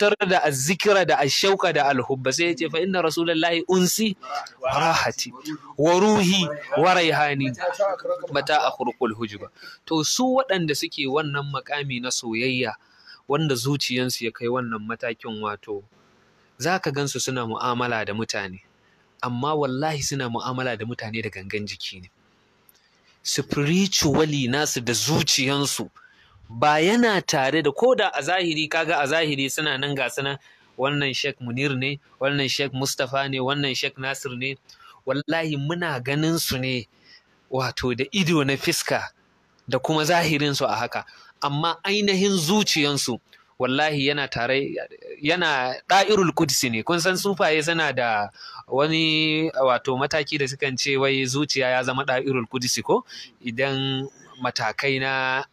tabbatar da azzikira da ashauka da alhubba sai ya ce fa inna rasulullahi unsi rahati wa ruhi wa raihani mata a kurkul hujuba to su waɗanda suke wannan makami na soyayya wanda zuciyansu ya kai wannan matakin wato zaka gansu suna mu'amala da mutane amma wallahi suna mu'amala da mutane da gangan jiki ne spiritually nasu da zuciyansu ba yana tare da koda a zahiri kaga a zahiri suna nan ga suna wannan Sheikh Munir ne wannan Sheikh Mustapha ne wannan Sheikh Nasir ne wallahi muna ganin su ne wato da ido na fiska da kuma zahirin su a haka amma ainihin zuciyansu wallahi yana tare yana da'irul kudsi ne kun san sufaye suna da wani wato mataki da sukan ce wai zuciya ya zama da'irul kudsi ko idan matakai na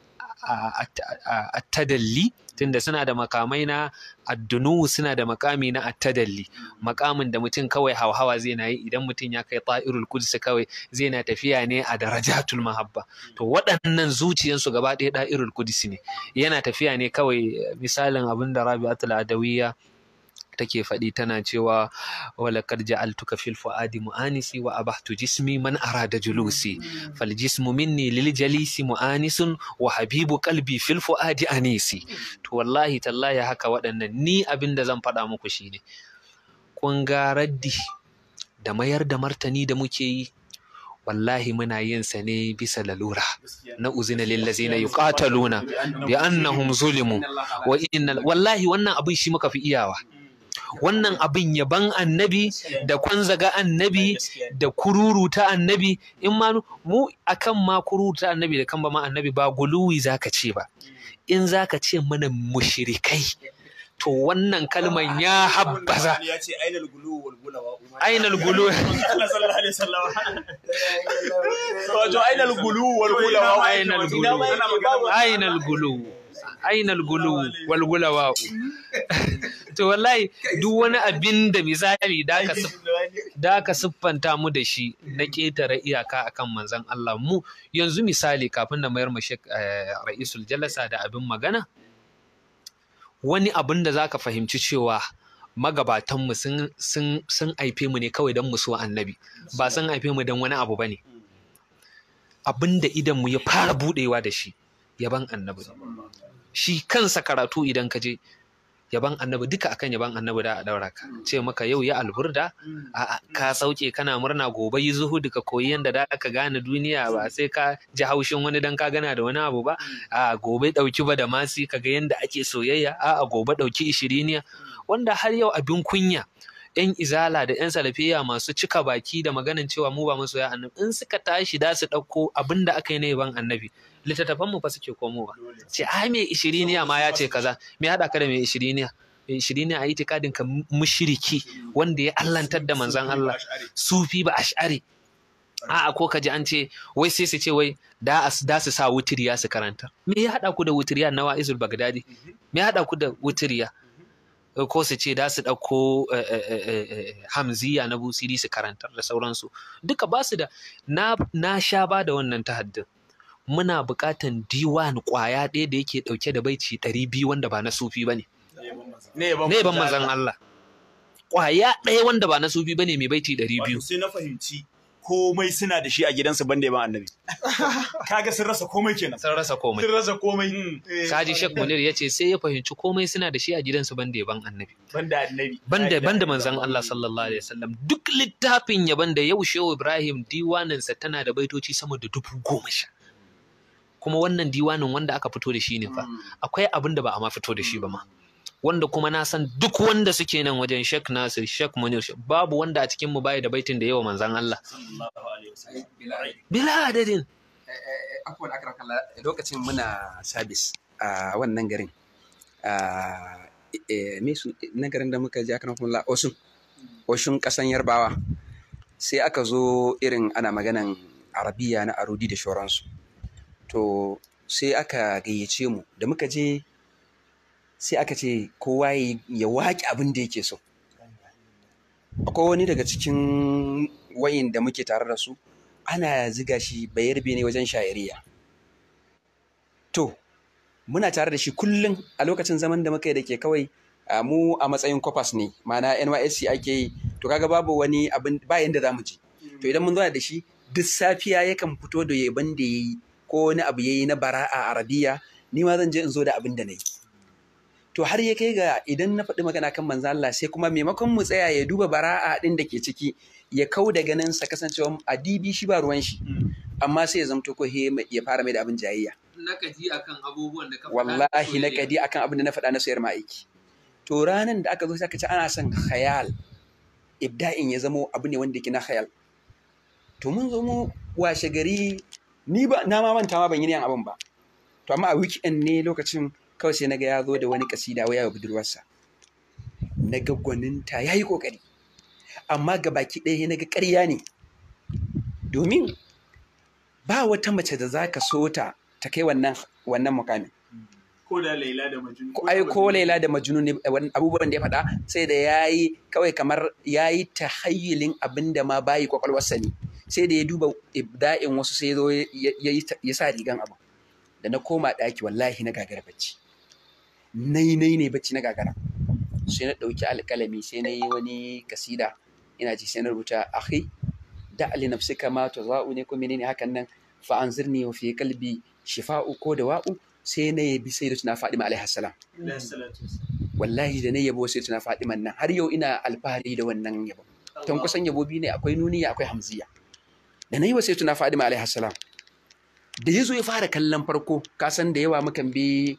attadalli tunda suna da makamai na addunu suna da makami na attadalli makamin da mutum kawai hauhawa zai na yi idan mutum ya kai ta'irul kudus kawai zai na tafiya ne a darajatul mahabba to waɗannan zuciyansu gaba ɗaya ɗairul kudus ne yana tafiya ne kawai misalin abin da rabi'atul adawiyya take faɗi tana cewa walakar ja'altuka fil fuadi mu'anisi wa abahtu jismi man arada julusi fal jismu minni lil jalisi mu'anisun wa habibu qalbi fil fuadi anisi to wallahi tallahi haka waɗannan ni abin da zan faɗa muku shine kun ga raddi da mayar da martani da muke yi wallahi muna yin sa ne bisa lalura na uzina lillazina yuqataluna bi annahum zulimu wa wallahi wannan abin shi muka fi iyawa wannan abin yaban annabi da kwanzaga annabi da kururuta annabi in ma mu akan ma kururuta annabi da kan ba ma annabi ba guluwi zaka ce ba in zaka ce mana mushrikai to wannan kalman ya habbaza ainal gulu ainal gulu ainal gulu aina gulu walgula wa, to wallahi duk wani abin da misali da ka siffanta mu da shi na ketare iyaka akan manzon Allah mu yanzu misali kafin na mayar mashi eh, ra'isul jalasa da abin magana wani abin da zaka fahimci cewa magabatanmu sun haife mu ne kawai dan mu so annabi ba sun haife mu dan wani abu bane ne abin da mu ya fara budewa da shi yaban annabi shi kansa karatu idan ka je yaban annabi duka akan yaban annabi da a daura ka mm. ce maka yau ya alburda mm. a ka sauke kana murna gobe yi zuhu ka koyi yanda da aka gane duniya ba mm. sai ka ji haushin wani dan ka gana da wani abu ba a gobe dauki ba da masi ka ga yanda ake soyayya a gobe dauki ishiriniya wanda har yau abin kunya yan izala da yan salafiya masu cika baki da maganin cewa mu ba masoya annabi in suka tashi da su dauko abin da aka yi na yaban annabi littattafan mu fa suke komowa ce ai me ishiriniya ma ya ce kaza me haɗa ka da me ishiriniya shiri ishiriniya a itikadin ka mushiriki wanda ya allantar da manzan Allah sufi ba ash'ari a'a ko kaji an ce wai sai su ce wai da da su sa wuturiya su karanta me ya hada ku da wuturiya na wa'izul bagdadi mhm. me ya hada ku da wuturiya? Mhm. ko su ce da su dauko eh, eh, eh, hamziya na busiri su karanta da sauransu duka ba su da na sha ba da wannan tahaddin muna buƙatan diwan ƙwaya ɗaya da yake ɗauke da baici ɗari biyu wanda ba na sufi ba ne. Ne ban mazan Allah. Ƙwaya ɗaya wanda ba na sufi ba ne mai baici ɗari biyu. Sai na fahimci komai suna da shi a gidansu ban da ban annabi. Kaga sun rasa komai kenan. Sun rasa komai. Sun rasa komai. Hmm. Eh, Kaji Sheikh Munir ya ce sai ya fahimci komai suna da shi a gidansu ban da ban annabi. Ban da annabi. Ban da ban da manzon Allah sallallahu alaihi wasallam duk littafin yaban da yau Shehu Ibrahim diwanansa tana da baitoci sama da dubu goma sha. kuma wannan diwanin wanda aka fito da shi ne fa mm. akwai abin da ba a ma fito da shi ba ma wanda kuma na san duk wanda suke nan wajen Sheikh Nasir Sheikh Munir babu wanda a cikin mu bai da baitin da yawa manzon Allah bila adadin eh, eh, eh, akwai lokacin muna sabis a wannan garin me su na garin da muka je akan kuma osun osun kasan yarbawa sai aka zo irin ana maganan arabiya na arudi da shoransu to sai aka gayyace mu da muka je sai aka ce kowa ya waƙi abin da yake so akwai wani daga cikin wayin da muke tare da su ana ziga shi bayarbe ne wajen sha'iriya to muna tare da shi kullum a lokacin zaman da muka yi da ke kawai mu a matsayin kwafas ne mana nysc ake yi to kaga babu wani abin ba da za mu ji to idan mun zo da shi duk safiya yakan fito da yaban da ya yi ko wani abu yayi na bara'a arabiya ni ma zan je in zo da abin da na yi. to har ya kai ga idan na faɗi magana kan manzo Allah sai kuma maimakon mu tsaya ya duba bara'a din da ke ciki ya kau da ganin sa kasancewa adibi shi ba ruwan shi hmm. amma sai ya zamto ko he ya fara mai da abin jayayya nakaji akan abubuwan da ka wallahi nakadi akan abin da na faɗa na sayar ma'aiki to ranan da aka zo sai ka ce ana son khayal ibda'in ya zamo abu ne wanda ke na khayal to mun zo mu washe gari ni ba na ma manta ma ban yi niyan abin ba to amma a weekend ne lokacin kawai sai naga ya zo da wani kasida waya ga budurwarsa na ga gwaninta ya yi kokari amma ga baki ɗaya ya naga ƙarya ne domin ba wata mace da zaka so ta ta kai wannan mukamin ko da laila da majnun ai ko laila da majnun ne eh, abubuwan da ya faɗa sai da yayi kawai kamar yayi tahayyulin abinda ma bayi kwakwalwarsa ne sai da ya duba ibda'in wasu sai zo ya sa rigan abu da na koma ɗaki wallahi na gagara bacci nai nai ne bacci na gagara sai na ɗauki alƙalami sai na yi wani kasida ina ji sai na rubuta akhi da ali nafsi ma to za'u ne ko menene hakan nan fa anzirni wa fi qalbi shifa'u ko da wa'u sai na yabi sai da tuna Fadima alaihi salam wallahi da na yabo sai tuna Fadima nan har yau ina alfahari da wannan yabo tan kusan yabo bi ne akwai nuniya akwai hamziya da na yi wa sai tuna Fadima alaihi salam da yazo ya fara kallon farko ka san da yawa mukan bi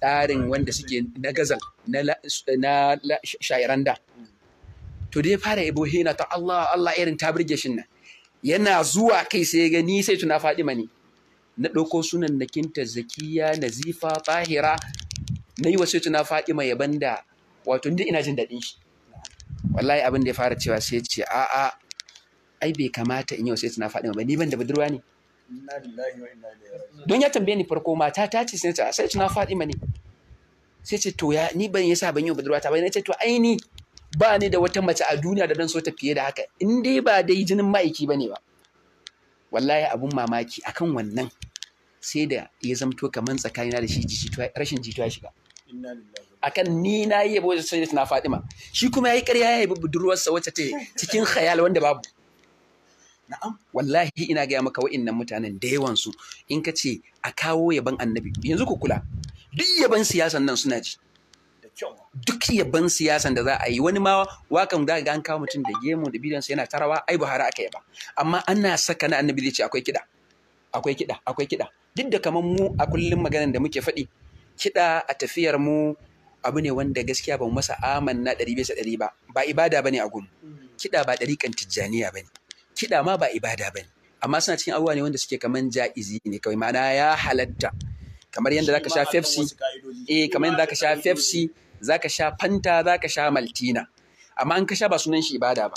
tsarin wanda suke na gazal na sha'iran da to da ya fara yabo hina ta Allah Allah irin ta burge shin nan yana zuwa kai sai ga ni sai tuna Fadima ne na ɗauko sunan nakinta zakiya nazifa Fahira. na yi wasu tuna fadima ya banda wato inda ina jin daɗin shi wallahi abin da ya fara cewa sai ce a'a ai bai kamata in yi wasu tuna fadima ba ni ban da budurwa ne don ya tambaye ni farko mata ta ce sai ta sai tuna fadima ne sai ce to ya ni ban yasa ban yi budurwa ta ba ne ce to ai ni ba ni da wata mace a duniya da dan so ta fiye da haka in dai ba dai jinin ma'aiki bane ba wallahi abun mamaki akan wannan sai da ya zamto kamar tsakanina da shi rashin jituwa ya shiga akan ni na yi yabo da na Fatima shi kuma ya yi ƙarya ya yabi budurwarsa wacce ta cikin khayal wanda babu na'am wallahi ina gaya maka wa'innan mutanen da yawan su in ka ce a kawo yaban annabi yanzu ku kula duk yaban siyasan nan suna ji duk yaban siyasan da za a yi wani ma wakan da ga an kawo mutum da gemu da bidansa yana tarawa ai Buhari aka yaba amma ana saka na annabi zai ce akwai kida akwai kida akwai kida duk da kamar mu a kullum maganar da muke faɗi kiɗa a tafiyar mu abu ne wanda gaskiya ba mu aman na ɗari bisa ɗari ba ba ibada bane a gun kiɗa ba ɗariƙan tijjaniya bane kiɗa ma ba ibada bane amma suna cikin abubuwa ne wanda suke kaman ja'izi ne kawai ma'ana ya halatta kamar yadda zaka sha fefsi, eh kamar yadda zaka sha fefsi zaka sha Fanta zaka sha Maltina amma an ka sha ba sunan shi ibada ba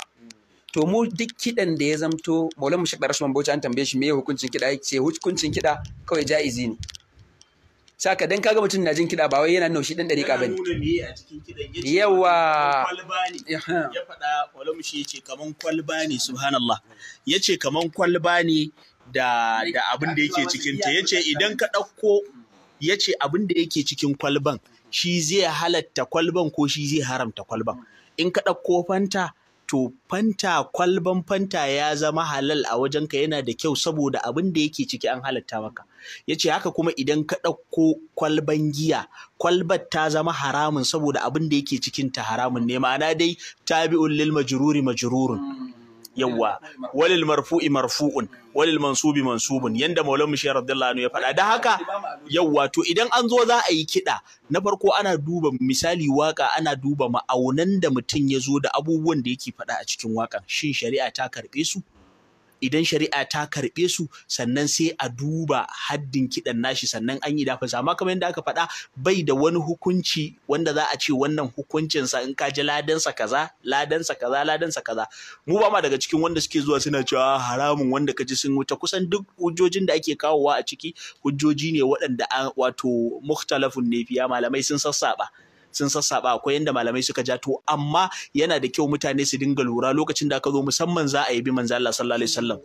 to mu duk kiɗan da ya zamto maulan mu shekara rashin bauchi an tambaye shi ya hukuncin kiɗa ya ce hukuncin kiɗa kawai ja'izi ne saka dan kaga mutum na jin kiɗa ba wai yana nuna shi dan dariƙa bane yawa ya faɗa maulan mu shi yace kaman kwalba ne subhanallah yace kaman kwalba ne da da abin da yake cikin ta yace idan ka ɗauko yace abin da yake cikin kwalban shi zai halatta kwalban ko shi zai haramta kwalban in ka ɗauko fanta to fanta kwalban fanta ya zama halal a wajenka yana da kyau saboda abin da yake ciki an halatta maka ya ce haka kuma idan ka ɗauko kwalban giya kwalbar ta zama haramun saboda abin da yake cikin ta haramun ne ma'ana dai tabi'un lil majururi majrurun yawwa walil marfu'i marfu'un walil mansubi mansubun yanda maulan mu radiyallahu anhu ya faɗa da haka yawwa to idan an zo za a yi kiɗa na farko ana duba misali waka ana duba ma'aunan da mutum ya zo da abubuwan da yake faɗa a cikin wakan shin shari'a ta karɓe su idan shari'a ta karɓe su sannan sai a duba haddin kiɗan nashi sannan an yi dafansa amma kamar yadda aka faɗa bai da wani hukunci wanda za a ce wannan hukuncinsa in ka ji ladansa kaza ladansa kaza ladansa kaza mu ba ma daga cikin wanda suke zuwa suna cewa ah, haramun wanda ka ji sun wuce kusan duk hujjojin da ake kawowa a ciki hujjoji ne waɗanda wato muhtalafun ne fiya malamai sun sassaɓa. sun sassaɓa akwai yanda malamai suka ja to amma yana da kyau mutane su dinga lura lokacin da aka zo musamman za a yi bi manzo Allah sallallahu alaihi wasallam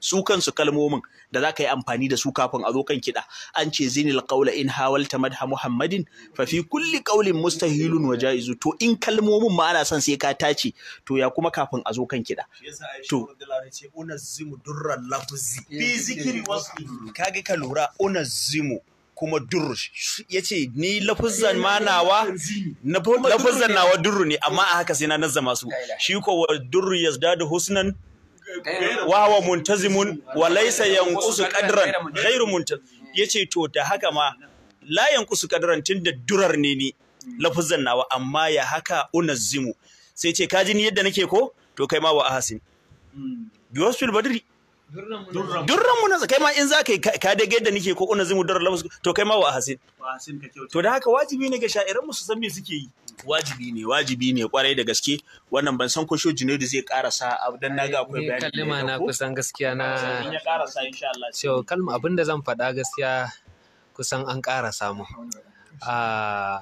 su kansu kalmomin da za ka yi amfani da su kafin a zo kan kiɗa an ce zinil qawla in hawalta madha muhammadin fa fi kulli qawlin mustahilun wa jaizu to in kalmomin ma ana son sai ka tace to ya kuma kafin a zo kan kiɗa to unazzimu durra lafzi fi eh, zikri eh, eh. wasfi kage ka lura unazzimu kuma durru ce ni lafuzan ma nawa lafuzan nawa durru ne amma a haka sai na nazzama su shi ko wa durru da husnan wa wa muntazimun wa laysa yanqusu qadran ghairu Ya yace to da haka ma la yanqusu qadran tunda durar ne ni lafuzan nawa amma ya haka unazimu sai ce kaji ni yadda nake ko to kai ma wa ahasin hmm. biwasfil badri durran mu na kai ma in za ka yi ka dage yadda nake ko kuna zimu durran to kai ma wa hasin to da haka wajibi ne ga sha'iran mu su san me suke yi wajibi ne wajibi ne kwarai da gaske wannan ban san ko sho Junaidu zai karasa dan naga akwai eh, bayani kalma na kusan gaskiya na in ya karasa insha Allah kalma abinda zan faɗa gaskiya kusan an karasa mu ah,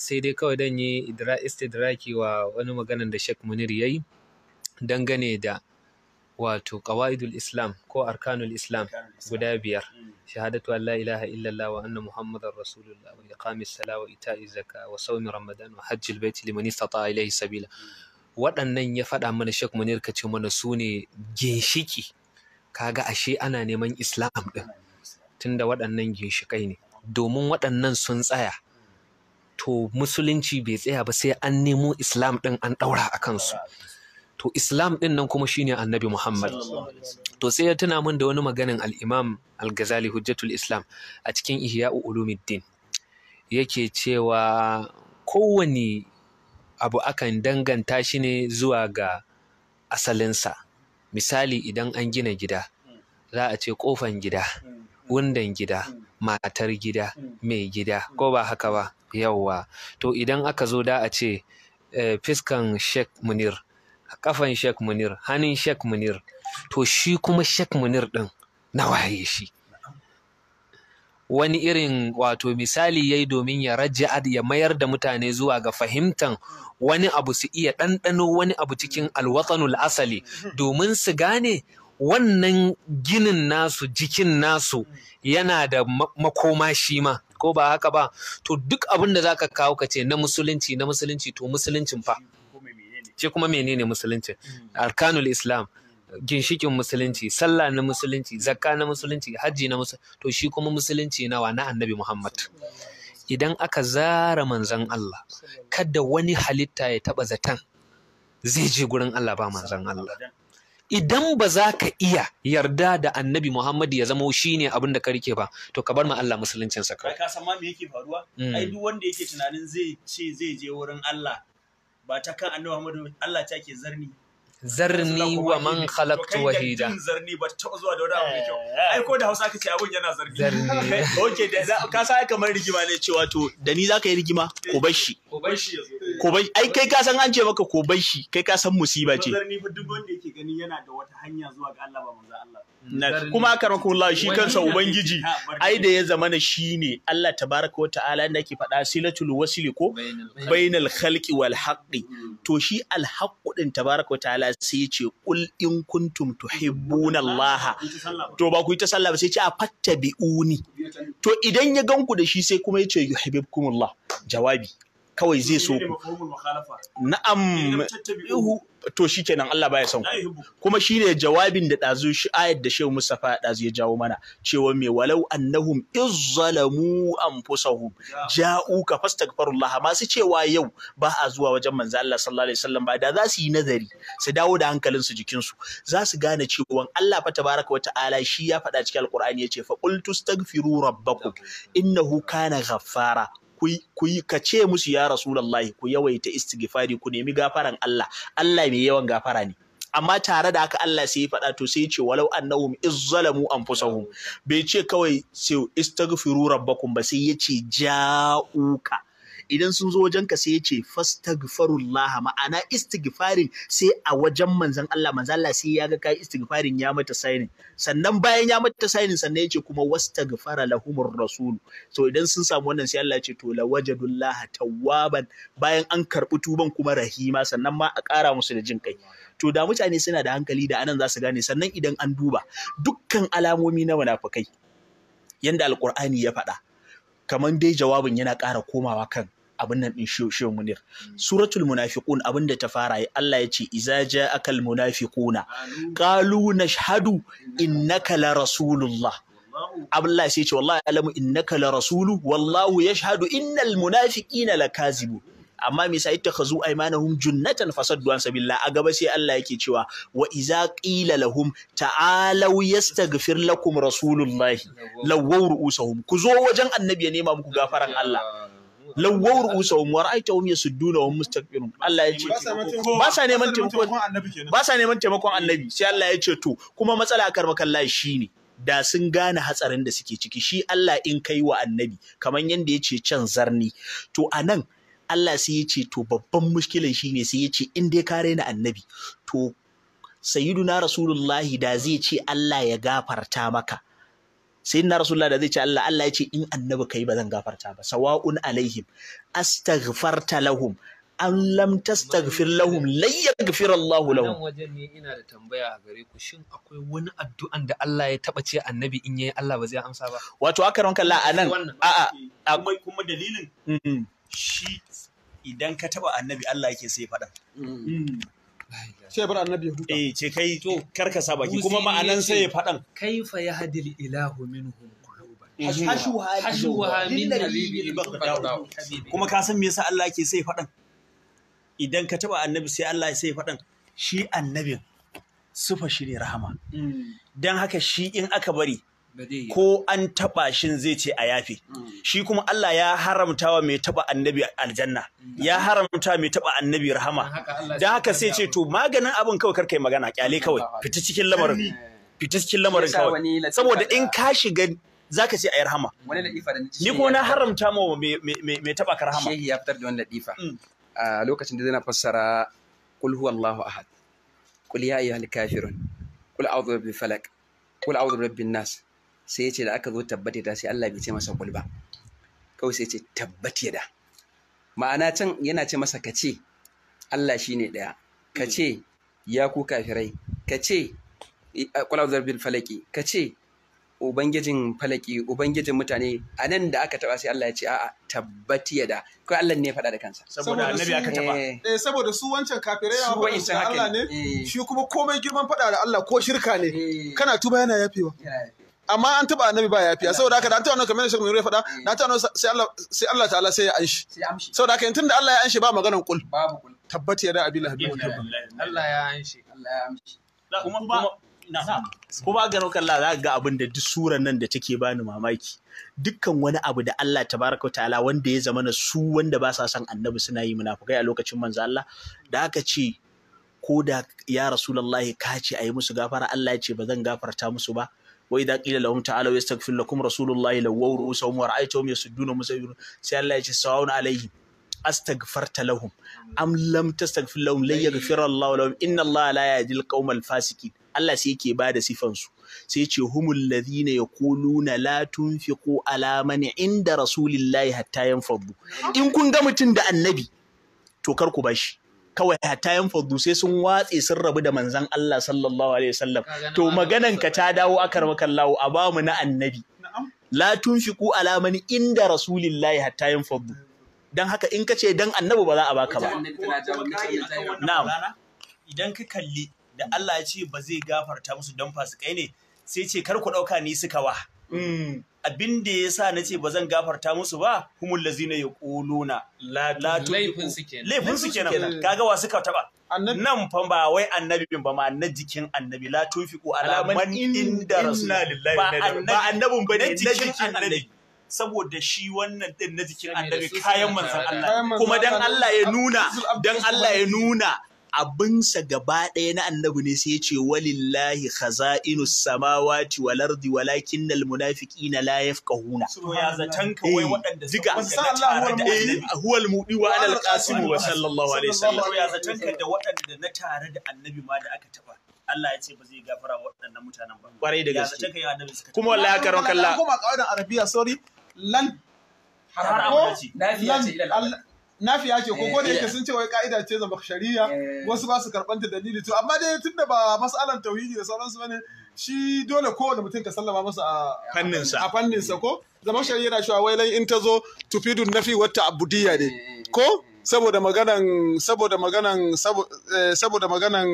sai dai kawai dan yi istidraki wa wani maganan da Sheikh Munir yayi dangane da wato qawaidul islam ko arkanul islam guda biyar shahadatu an la ilaha illallah wa anna muhammadar rasulullah wa iqamis sala wa ita'i zaka wa sawmi ramadan wa hajjil baiti liman istata ilayhi sabila waɗannan ya faɗa mana Sheikh Munir ka ce mana su ne ginshiki kaga ashe ana neman islam ɗin tunda waɗannan ginshikai ne domin waɗannan sun tsaya to musulunci bai tsaya ba sai an nemo islam ɗin an ɗaura a kansu to islam din nan kuma shine annabi muhammad to sai ya tuna min da wani maganin al-imam al-ghazali hujjatul islam a cikin ihya'u ulumuddin yake cewa kowane abu akan danganta shi ne zuwa ga asalinsa misali idan an gina gida za a ce kofan gida wundan gida matar gida mai gida ko ba haka ba yawwa to idan aka zo da a ce eh, fiskan sheikh munir kafan Sheikh Munir hannun Sheikh Munir to shi kuma Sheikh Munir ɗin, na waye shi wani irin wato misali yayi domin ya raja ya mayar da mutane zuwa ga fahimtan wani abu su iya ɗanɗano wani abu cikin alwatsanul asali domin su gane wannan ginin nasu jikin nasu yana da makoma shi ma ko ba haka ba to duk abin da zaka kawo ka ce na musulunci na musulunci to musuluncin fa sai kuma menene musulunci mm. arkanul islam ginshikin musulunci sallah na musulunci zakka na musulunci hajji na musulunci to shi kuma musulunci nawa na annabi muhammad idan aka zara manzan Allah kada wani halitta ya taba zaton zai je gurin Allah ba manzan Allah idan ba za ka iya yarda da annabi Muhammad ya zama shi ne abin da ka rike ba to ka bar ma Allah musuluncin sa ka san ma me yake faruwa mm. ai duk wanda yake tunanin zai ce zai je wurin Allah ba ta kan annabi Muhammadu Allah ta ke zarni zarni wa man khalaqtu wahida zarni ba ta zuwa da wani abu mai kyau eh, eh. ai ko da Hausa ka ce abun yana zarni zarni okay da ka sai kamar rigima ne cewa to da ni zaka yi rigima ko bashi ko bashi yazo kobai ai kai ka san an ce maka kobai shi kai ka san musiba ce ni fa duk wanda yake gani yana da wata hanya zuwa ga Allah ba manzo Allah kuma aka Allah shi kansa ubangiji ai da ya zama na shi ne Allah tabaraka wa ta'ala inda ke faɗa silatul wasili ko bainal khalqi wal haqqi to shi al haqqu din tabaraka wa ta'ala sai ya ce qul in kuntum tuhibbuna Allah to ba ku yi ta sallah ba sai ya ce a fattabi'uni to idan ya ganku da shi sai kuma ya ce yuhibbukumullah jawabi kawai zai so ku na'am to shikenan Allah baya son ku kuma shine jawabin da dazu shi ayat da Shehu Mustafa dazu ya jawo mana cewa me walau annahum izzalamu anfusahum ka fastaghfirullah ma su cewa yau ba a zuwa wajen manzo Allah sallallahu alaihi wasallam ba da za su yi nazari su dawo da hankalin su jikin su za su gane cewa Allah fa tabaraka wa ta'ala shi ya faɗa cikin alqur'ani yace fa qultu astaghfiru rabbakum innahu kana ghaffara ku yi ka ce musu ya rasulallahi ku yawaita istighfari ku nemi gafaran Allah Allah mai yawan gafara ne amma tare da haka Allah sai ya faɗa to sai ya ce walau annahum izzalamu anfusahum bai ce kawai sai istaghfiru rabbakum ba sai ya ce ja'uka idan sun zo wajenka sai ya ce laha. ma'ana istighfarin sai a wajen manzon Allah manzon Allah sai ya ga kai istighfarin ya mata signing sannan bayan ya mata signing sannan ya ce kuma wastagfara lahumur rasul so idan sun samu wannan sai Allah ya ce to lawajadullah tawwaban bayan an karbi tuban kuma rahima sannan ma a ƙara musu da jin kai to da mutane suna da hankali da anan za su gane sannan idan an duba dukkan alamomi na munafukai yanda alkur'ani ya faɗa kamar dai jawabin yana ƙara komawa kan abin nan din shehu munir hmm. suratul munafiqun abin da ta fara yi Allah ya ce iza ja al munafiquna qalu nashhadu innaka la rasulullah Allah sai ce wallahi alamu innaka la rasulu wallahu yashhadu innal munafiqina lakazibun amma me sa ittakhazu aymanahum junnatan fasaddu an sabilla a gaba sai Allah yake cewa wa iza qila lahum ta'alu yastaghfir lakum rasulullahi lawaw ru'usahum ku zo wajen annabi ya nema muku gafaran Allah lawwar usahum wa ra'aytahum yasudduna wa mustaqbirun Allah ya ce ba sa neman taimakon ba sa neman taimakon annabi sai Allah ya ce to kuma matsala a akar shi shine da sun gane hatsarin da suke ciki shi Allah in kai wa annabi kamar yadda ya ce can zarni to anan Allah sai ya ce to babban mushkilan shine sai ya ce in dai kare ni annabi to sayyiduna rasulullahi da zai ce Allah ya gafarta maka Sai na rasulullah da zai ce Allah Allah ya ce in annabi kai ba zan gafarta ba sawa'un alaihim astaghfarta lahum an lam tastaghfir lahum lan yaghfir Allah lahum nan wajen ne ina da tambaya a gare ku shin akwai wani addu'an da Allah ya taba ce annabi in yayi Allah ba zai amsa ba wato aka ranka la anan a a Akwai kuma dalilin mm-hmm. shi idan ka taba annabi Allah yake sai faɗa mm-hmm. Eh, ce kai to kuma ma'anan sai ya fadan ilahu minhum kuma ka san me yasa Allah yake sai fadan idan ka taɓa annabi sai Allah sai faɗan shi annabin sufa shi ne rahama hmm. dan haka shi in aka bari ko an taba shin zai ce a yafe mm. shi kuma Allah ya haramta wa mai taba annabi aljanna mm. ya haramta mai taba annabi rahama dan haka sai ce to maganin abin kawai karkai magana kyale kawai fita cikin lamarin eh. fita cikin lamarin kawai saboda in ka shiga zaka ce ayi rahama ni kuma na haramta ma mai taba ka rahama shehi ya fitar da wannan ladifa mm. a lokacin da zai na fassara kul huwallahu ahad kul ya ayyuhal kafirun kul a'udhu bi falak kul a'udhu birabbin nas sai ya ce da aka zo tabbata ta sai Allah bai ce masa kul ba kawai sai ce tabbat yada ma'ana can yana ce masa ka ce Allah shi ne ɗaya. ka ce ya ku kafirai ka ce Kulawar bil falaki ka ce ubangijin falaki ubangijin mutane a nan da aka taba sai Allah ya ce a'a tabbati da ko Allah ne ya faɗa da kansa saboda annabi aka taba eh saboda su wancan kafirai na wancan Allah ne eh. shi kuma komai girman faɗa da Allah ko shirka ne eh. kana tuba yana yafewa amma an taba annabi ba yafiya saboda haka da an taba annabi kamar shekaru ya faɗa na an taba annabi sai Allah sai Allah ta'ala sai ya anshi saboda haka tunda Allah ya anshi ba maganar kul babu kul tabbati ya da abin Allah ya anshi Allah ya anshi kuma ba kuma ga naukan la za ga abin da duk suran nan da take bani mamaki dukkan wani abu da Allah tabaraka ta'ala wanda ya zama na su wanda ba sa son annabi suna yi munafukai a lokacin manzo Allah da aka ce ko da ya rasulullahi ka ce a yi musu gafara Allah ya ce ba zan gafarta musu ba wa idza qila lahum ta'alu yastaghfir lakum rasulullahi lawaw ru'usahum wa ra'aytahum yasudduna musayyirun sai Allah ya ce sawa'un alaihim astaghfarta lahum am lam tastaghfir lahum la yaghfira Allah lahum inna Allah la yahdi al Allah sai yake bada sifan su sai ce humul ladhina yaquluna la tunfiqu ala man inda rasulillahi hatta yanfadu in kun ga mutun da annabi to kar ku bashi kawai hatta yan faddu sai sun watse sun rabu da manzon Allah sallallahu alaihi wasallam to maganan ka ta dawo akar makallahu a bamu na annabi la tunfiqu ala man inda rasulillahi hatta yan faddu dan haka in ka ce dan annabi ba za a baka ba na'am idan ka kalli da Allah ya ce ba zai gafarta musu dan fasikai ne sai ce kar ku dauka ni suka wa hmm. abin da ya sa na ce ba zan gafarta musu ba humul lazina ya ƙoluna laifinsu kenan kaga wa ka taɓa nan fa ba wai annabin ba ma na jikin annabi la tunfiqu ala man inda rasul ba annabin ba na jikin annabi saboda shi wannan din na jikin annabi kayan manzon Allah kuma dan Allah ya nuna dan Allah ya nuna abinsa gaba ɗaya na annabi ne sai ya ce walillahi khaza'inu samawati wal ardi walakin al munafiqina la yafqahuna so ya zatan ka wai eh, waɗanda na suka Allah eh, huwal mudi wa al qasim wa sallallahu alaihi wasallam ya zatan ka da waɗanda na tare da annabi ma da aka taba Allah ya ce ba zai gafara wa waɗannan mutanen ba kwarai da gaske kuma wallahi karon kallah kuma kaudan arabiya sorry lan haramu lan nafiya ce ko eh, ko da yake eh. sun ce wai ka'ida ce shari'a eh. wasu ba su karbanta dalili to amma dai tunda ba masalan tauhidi da sauransu bane shi dole kowane mutum ka sallama masa a fannin sa a fannin sa ko zabakhshariya yana cewa wai lai in ta zo tufidu nafi wata abudiyya ne ko saboda maganan saboda maganan saboda maganan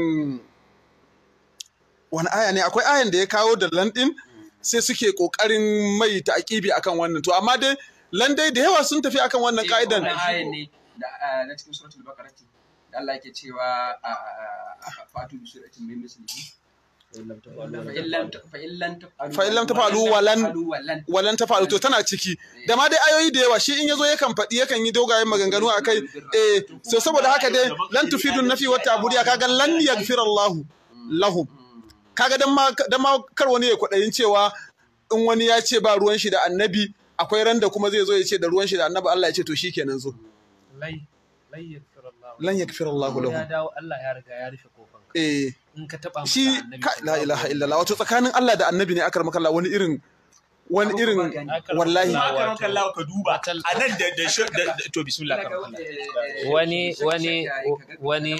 wani aya ne akwai ayan da ya kawo da landin sai suke kokarin mai ta'akibi akan wannan to amma dai lande da yawa sun tafi akan wannan eh, ka'idan da eh, na cikin suratul baqara da Allah yake cewa fatu bi suratin min mislihi fa in lam tafalu walan walan tafalu to tana ciki da ma dai ayoyi da yawa shi in yazo yakan faɗi yakan yi dogayen maganganu a kai eh so saboda haka dai lan tufidun nafi wa ta'budiya kaga lan yaghfirallahu lahum kaga dan ma dan ma kar wani ya kwadayin cewa in wani ya ce ba ruwan shi da annabi akwai randa kuma zai zo ya ce da ruwan shi da annabi Allah ya ce to shikenan zo lai lai lan yakfir lahu ya dawo Allah ya riga ya rufe kofan eh in ka taba shi la ilaha illallah wato tsakanin Allah da annabi ne akar makalla wani irin wani irin wallahi ka duba a nan da to bismillah wani wani eh, wani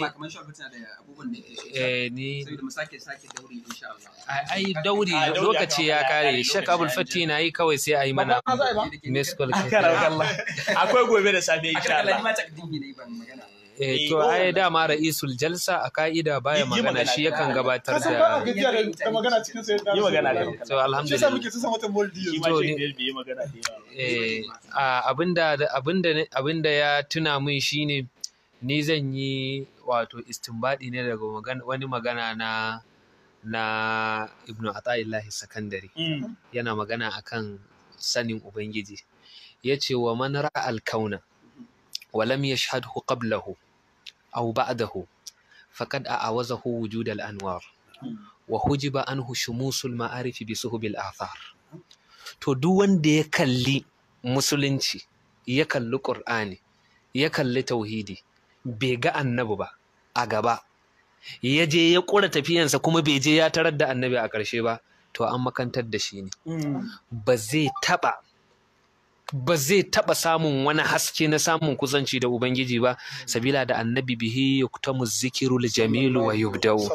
eh, eh ni ai dauri lokaci ya kare shek abul fatti na yi kawai sai ayi mana miss call akwai gobe da safe insha Allah Eh, eh, to ai dama ra'isul jalsa a ka'ida baya magana shi yakan gabatar da da magana cikin sai da yi magana da to alhamdulillah shi sa muke sa mata moldi shi ma shi ne bi magana da eh abinda abinda abinda ya tuna min shine ni zan yi wato istinbadi ne daga wani magana na na ibnu ata'illahi sakandare mm. yana magana akan sanin ubangiji ya ce wa man ra'al kauna walam yashhadhu qablahu أو بعده فقد أعوزه وجود الأنوار وحجب عنه شموس المعارف بسهب الآثار to duk wanda ya kalli musulunci ya kalli ƙur'ani ya kalli tauhidi bai ga annabi ba a gaba ya je ya ƙura tafiyansa kuma bai je ya tarar da annabi a ƙarshe ba to an makantar da shi ne mm. ba zai taɓa ba zai taɓa samun wani haske na samun kusanci da Ubangiji ba, sabila da annabi bihi ya zikiru jamilu wa yubdau.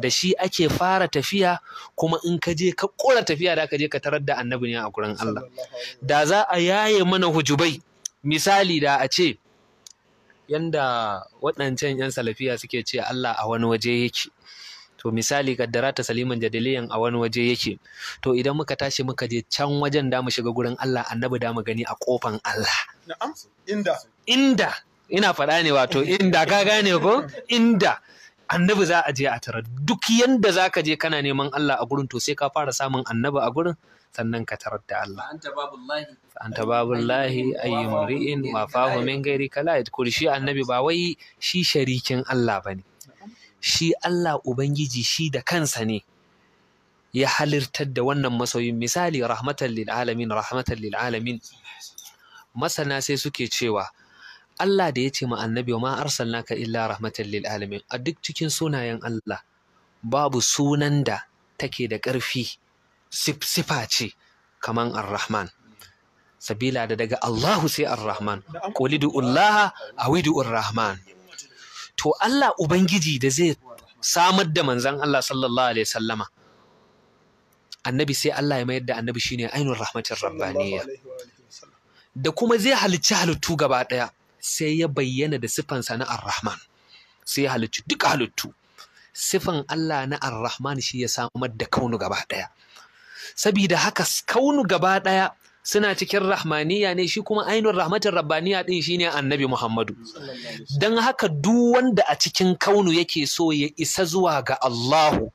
Da shi ake fara tafiya kuma in ka je ka ƙura tafiya da ka je ka tarar da annabi ne a gurin Allah. Da za a yaye mana hujubai, misali da a ce, yanda waɗancan 'yan salafiya suke ce Allah a wani waje yake. to misali kaddara ta saliman jadiliyan a wani waje yake to idan muka tashi muka je can wajen da mu shiga gurin Allah annabi da mu gani a kofan Allah inda inda ina faɗa ne wato inda ka gane ko inda annabi za a je a tara duk yanda za ka je kana neman Allah a gurin to sai ka fara samun annabi a gurin sannan ka tarar da Allah. Anta babullahi ayyumri'in wa fahu min gairi kala shi annabi ba wai shi sharikin Allah bane. shi Allah Ubangiji shi da kansa ne ya halartar da wannan masoyin misali rahmatan lil alamin rahmatan lil masana sai suke cewa Allah da ya ce ma annabi ma arsalnaka illa rahmatan lil a duk cikin sunayen Allah babu sunan da take da ƙarfi sifa ce kaman ar-rahman sabila da daga Allahu sai ar-rahman qulidu ullaha awidu ar-rahman to Allah ubangiji da zai samar da manzan Allah sallallahu alaihi sallama annabi sai Allah ya mayar da annabi shine ainihin rahmatin rabbaniya da kuma zai halicci halittu gaba ɗaya sai ya bayyana da sifansa na ar-rahman sai ya halicci duk halittu sifan Allah na ar-rahman shi ya samar da kaunu gaba ɗaya sabida haka kaunu gaba ɗaya suna cikin rahmaniya ne shi kuma ainihin rahmatin rabbaniya din shine annabi Muhammadu Don haka duk wanda a cikin kaunu yake so ya isa zuwa ga Allahu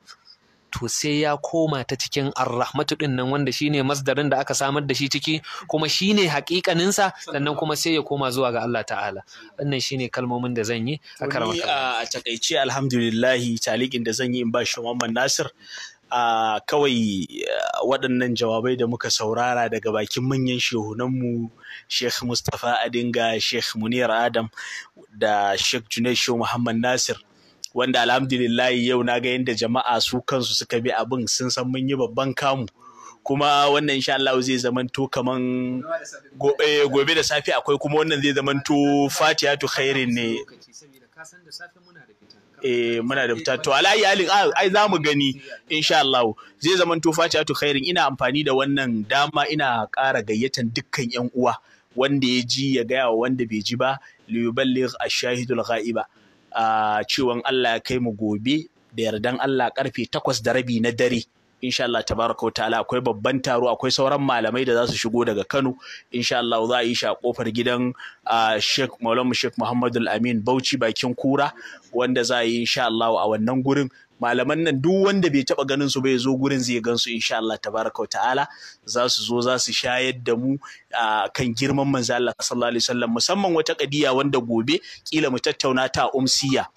to sai ya koma ta cikin arrahmatu din nan wanda shine masdarin da aka samar da shi ciki kuma shine hakikaninsa, sa sannan kuma sai ya koma zuwa ga Allah ta'ala wannan shine kalmomin da zan yi a karamar a takaice alhamdulillah talikin da zan yi in ba shi Muhammad Nasir a kawai eh, waɗannan jawabai da muka saurara daga bakin manyan shehunanmu sheikh mustapha adinga sheikh munir adam da sheikh Shehu muhammad nasir wanda alhamdulillah yau na ga yadda jama'a su kansu suka bi abin sun san mun yi babban kamu kuma wannan insha Allah zai zamanto kaman eh, gobe da safe akwai kuma wannan zai zamanto fatiha to khairin ne kasan da muna da eh muna da fita to alayi alin ai za mu gani insha Allah zai zaman to faciatu khairin ina amfani da wannan dama ina ƙara gayyatan dukkan yan uwa wanda ya ji ya gaya wa wanda bai ji ba li yuballigh ash-shahidul ghaiba a ah, cewan Allah ya kai mu gobe da yardan Allah karfe takwas da rabi na dare insha Allah tabaraka ta'ala akwai babban taro akwai sauran malamai da za su shigo daga Kano insha Allah za a yi shi a kofar gidan Sheikh Maulana Sheikh Muhammad amin Bauchi bakin Kura wanda za a yi insha Allah a wannan gurin malaman nan duk wanda bai taba ganin su bai zo gurin zai gan su insha Allah tabaraka wata ta'ala za su zo za su shayar da mu kan girman manzo Allah sallallahu alaihi wasallam musamman wata kadiya wanda gobe kila mu tattauna ta umsiya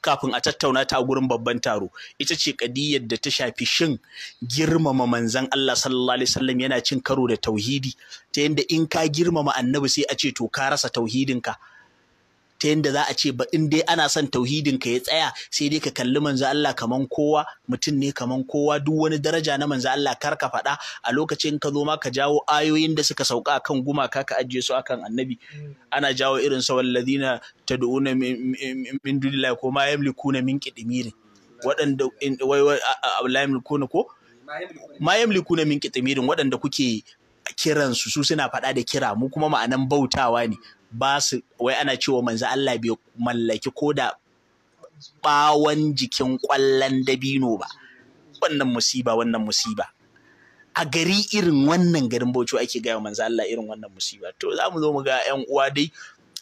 kafin a tattauna ta a gurin babban taro ita ce kadiyar da ta shafi shin girmama manzon Allah sallallahu alaihi wasallam yana cin karo da tauhidi ta yanda in ka girmama annabi sai a ce to ka rasa tauhidinka ta yadda za a ce ba in dai ana son tauhidin ka ya tsaya sai dai ka kalli manzo Allah kaman kowa mutum ne kaman kowa duk wani daraja na manzo Allah kar ka faɗa a lokacin ka zo ma ka jawo ayoyin da suka sauka akan gumaka ka ajiye su akan annabi mm. ana jawo irin sa walladina tad'una min dunillahi ko ma yamlikuna min waɗanda wai la yamlikuna ko ma yamlikuna min qitmirin waɗanda kuke kiransu su suna faɗa da kira mu kuma ma'anan bautawa ne ba su wai ana cewa manzo Allah bai mallaki ko da bawon jikin ƙwallon dabino ba wannan musiba wannan musiba a gari irin wannan garin Bauchi ake gaya manzo Allah irin wannan musiba to za mu zo mu ga 'yan uwa dai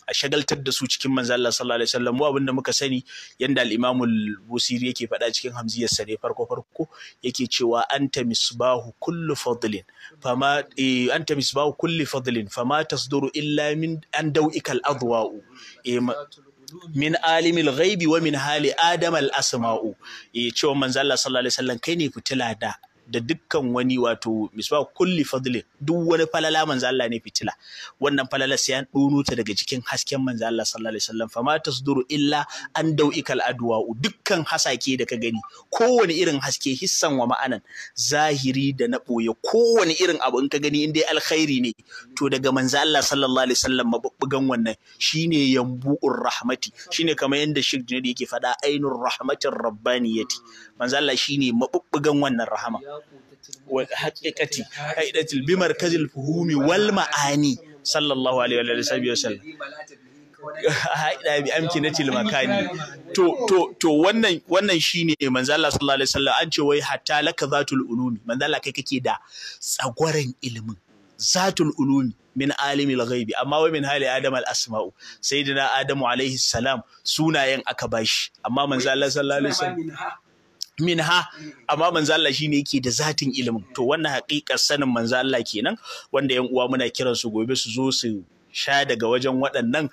a shagaltar da su cikin manzo Allah sallallahu alaihi wasallam mu abinda muka sani yanda al-Imam al-Busiri yake faɗa cikin hamziyar Sare farko farko yake cewa anta misbahu kullu fadlin fama eh, anta misbahu kullu fadlin fama tasduru illa min an dawikal adwa'u eh, min alimil ghaibi wa min hali adam al asma'u eh cewa manzo Allah sallallahu alaihi wasallam kai ne fitila da da dukkan wani wato misbah kulli fadlin duk wani falala manzo Allah ne fitila wannan falala sai an dono ta daga cikin hasken manzo Allah sallallahu alaihi wasallam fama tasduru illa an dau'ikal adwa dukkan hasake da ka gani kowane irin haske hissan wa ma'anan zahiri da na boye kowane irin abu in ka gani indai alkhairi ne to daga manzo Allah sallallahu alaihi wasallam mabubbugan wannan shine yambu'ur rahmati shine kamar yanda Sheikh Junaid yake faɗa ainur rahmatir rabbaniyati manzo Allah shine mabubbugan wannan rahama wa haqiqati qaidatil bi markazil fuhumi wal ma'ani sallallahu alaihi wa alihi wasallam haida bi amkinatil makani to to to wannan wannan shine manzo Allah sallallahu alaihi wasallam an ce wai hatta laka zatul ulumi manzo Allah kai kake da tsagwaren ilimin zatul ulumi min alimi ghaibi amma wai min hali adam al asma'u sayyidina adamu alaihi salam sunayen aka bashi amma manzo Allah sallallahu alaihi wasallam ha! amma manzo Allah shine yake da zatin ilimin to wannan haƙiƙar sanin manzo Allah kenan wanda yan uwa muna kiransu gobe su zo su sha daga wajen waɗannan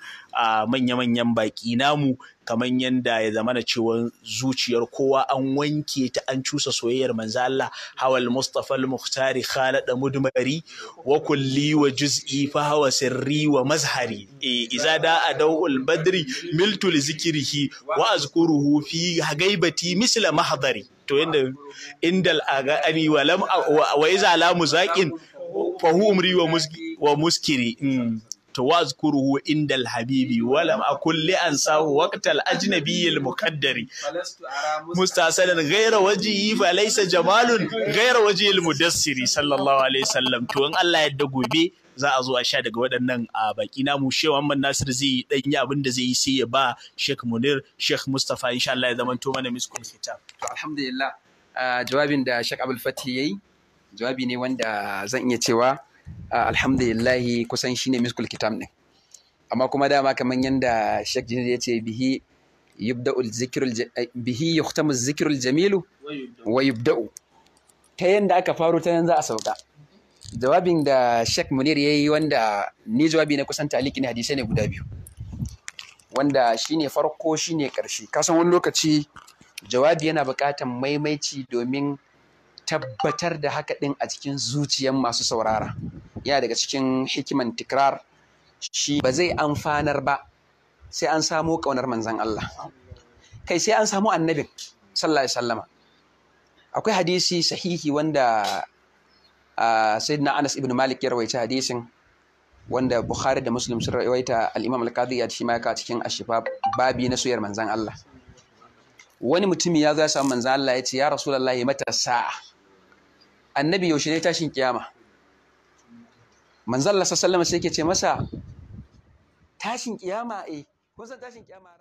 manya-manyan baƙi namu kamar yadda ya zamana cewa zuciyar kowa an wanke ta an cusa soyayyar manzo Allah hawal Mustafa al-Mukhtari Khalid Mudmari wa kulli wa juz'i fa hawa sirri wa mazhari e, idza da'a dawul badri miltu li zikrihi wa azkuruhu fi ghaibati misla mahdari to yanda indal ani wa lam wa iza la muzaqin fa umri wa muskiri mm. to wazkuruhu indal habibi walam akul li ansahu waqtal ajnabiyil mukaddari mustasalan ghayra wajhi fa laysa jamalun ghayra wajhil mudassiri sallallahu alaihi wasallam to in Allah ya gobe za a zo a sha daga waɗannan a baki namu Sheikh Muhammad Nasir zai dan yi abin da zai yi sai ya ba Sheikh Munir Sheikh Mustafa insha Allah ya zama to mana miskul kitab to alhamdulillah jawabin da Sheikh Abdul Fatih yayi jawabi ne wanda zan iya cewa Ah, alhamdulillahi kusan shine miskul kitam ne amma kuma dama kamar yanda shek jini ya ce bihi yubda'ul zikrul eh, bihi jamilu wa yubda'u ta yadda aka faru ta yanzu za a sauka jawabin da shek Munir ya yi wanda ni jawabi na kusan taliki ne hadisai ne guda biyu wanda shine farko shine karshe kasan wani lokaci jawabi yana buƙatar maimaici domin tabbatar da haka ɗin a cikin zuciyar masu saurara ya daga cikin hikiman tikrar shi ba zai amfanar ba sai an samo ƙaunar manzan Allah kai sai an samo annabin sallallahu sallama akwai hadisi sahihi wanda sayyidina Anas ibn Malik ya rawaita hadisin wanda Bukhari da Muslim sun rawaita al-Imam al-Qadhi ya shi ma ka cikin ashifa babi na soyar manzan Allah wani mutumi ya zo ya samu manzan Allah ya ce ya Rasulullahi mata sa'a annabi yaushe ne tashin kiyama manzon Allah sallallahu alaihi sai ke ce masa tashin kiyama eh kun san tashin kiyama